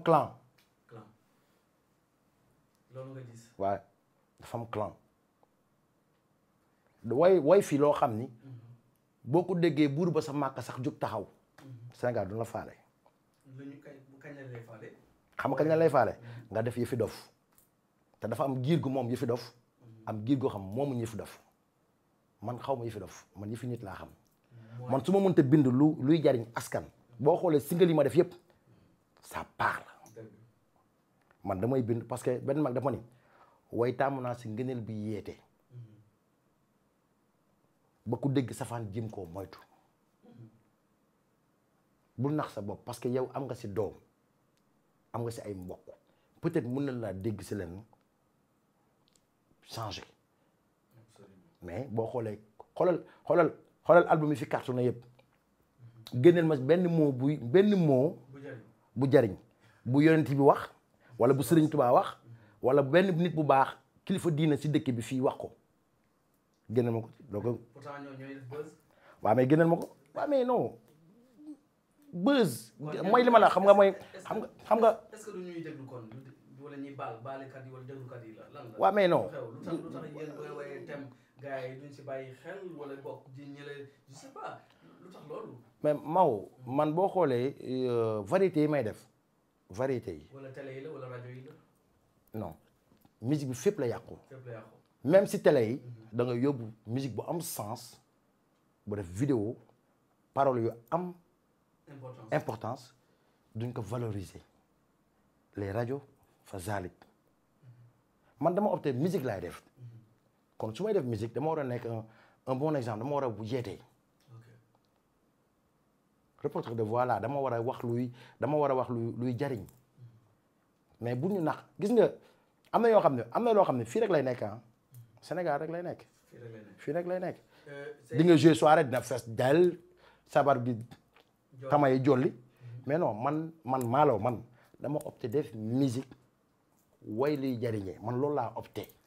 clan. clan loolu way way fii loo xam ni. Mhm. boo ko déggee buur ba sa màkk sax jug taxaw. Mhm. Sénégal du la la faale. xam nga kañ la lay faale. Mhm. nga def yëfi dof. te dafa am giir gu moom yëfi dof. am giir goo xam moom moomuñ yëfi dof. man xaw ma yëfi dof man yëfi nit laa xam. man su ma mënta bind lu luy jariñ askan. boo xoolee singal yi ma def yëpp. ça parle man damay bind parce que benn mag dafa ni way tàmm naa si ngëneel bi yeete ba ku dégg safaan jim koo moytu bul nax sa bopp parce que yow am nga si doom am nga si ay mbokk peut-être mën na laa dégg si leen changer mais boo xoolee xoolal xoolal xoolal album yi fi na yëpp génneel ma benn moo buy benn moo bu jariñ bu yonent bi wax wala bu sëriñ Tuubaa wax wala benn nit bu baax kilifa diina si dëkk bi fii wax ko génne ma ko doo ko. pourtant ma ko waaw mais non buzz. mooy li ma la xam nga mooy. xam nga xam nga. est-ce que du gars yi si bàyyi xel wala bokk di ñële je sais man boo xoolee euh, variété yi may def variété yi. wala télé yi la wala rajo bi fépp la yàqu. fépp la si télé yi. Mhm. da nga yóbbu musique bu am sens bu def vidéo paroles yu am. importance importance duñ ko valoriser les rajo fa zaalik mhm. man dama opté musique laay def. kon su may def musique dama war a nekk un bon exemple dama war a yeete. reporter de voix dama war a wax luy dama war a wax luy luy jariñ mais bu ñu nax gis nga am na yoo xam ne am na loo xam ne fii rek lay nekk ah Sénégal rek lay nekk. fii rek lay nekk. Euh, di nga jouer soirée dina fees dell sabar bi tamay jolli mhm. mais non man man maalaw man dama opté def musique way luy jariñee man loolu laa opté.